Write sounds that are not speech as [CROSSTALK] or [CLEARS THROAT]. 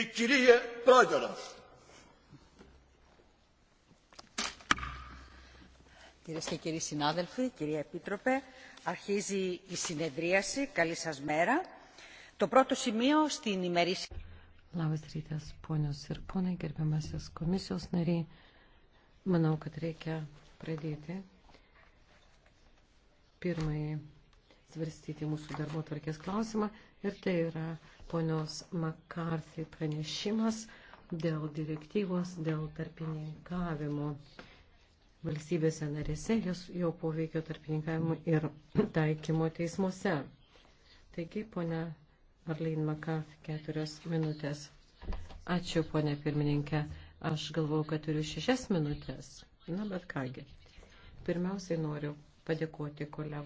η κυρία Πρόεδρος. Κυρίες και κύριοι συνάδελφοι, κυρία Επίτροπε, αρχίζει η συνεδρίαση. Καλή σας μέρα. Το πρώτο σημείο στην ημερήσια... Labas rytas, ponios ir ponai, gerbiamasis komisijos nariai. Manau, kad reikia pradėti pirmąjį svarstyti mūsų darbo tvarkės klausimą ir tai yra ponios McCarthy pranešimas dėl direktyvos, dėl tarpininkavimo valstybėse narėse, jos jo poveikio tarpininkavimo ir [CLEARS THROAT] taikymo teismuose. Taigi, ponia Arlin McCarthy, keturios minutės. Ačiū, ponia pirmininkė. Aš galvau, kad turiu šešias minutės. Na, bet kągi. Pirmiausiai noriu padėkoti kolegom.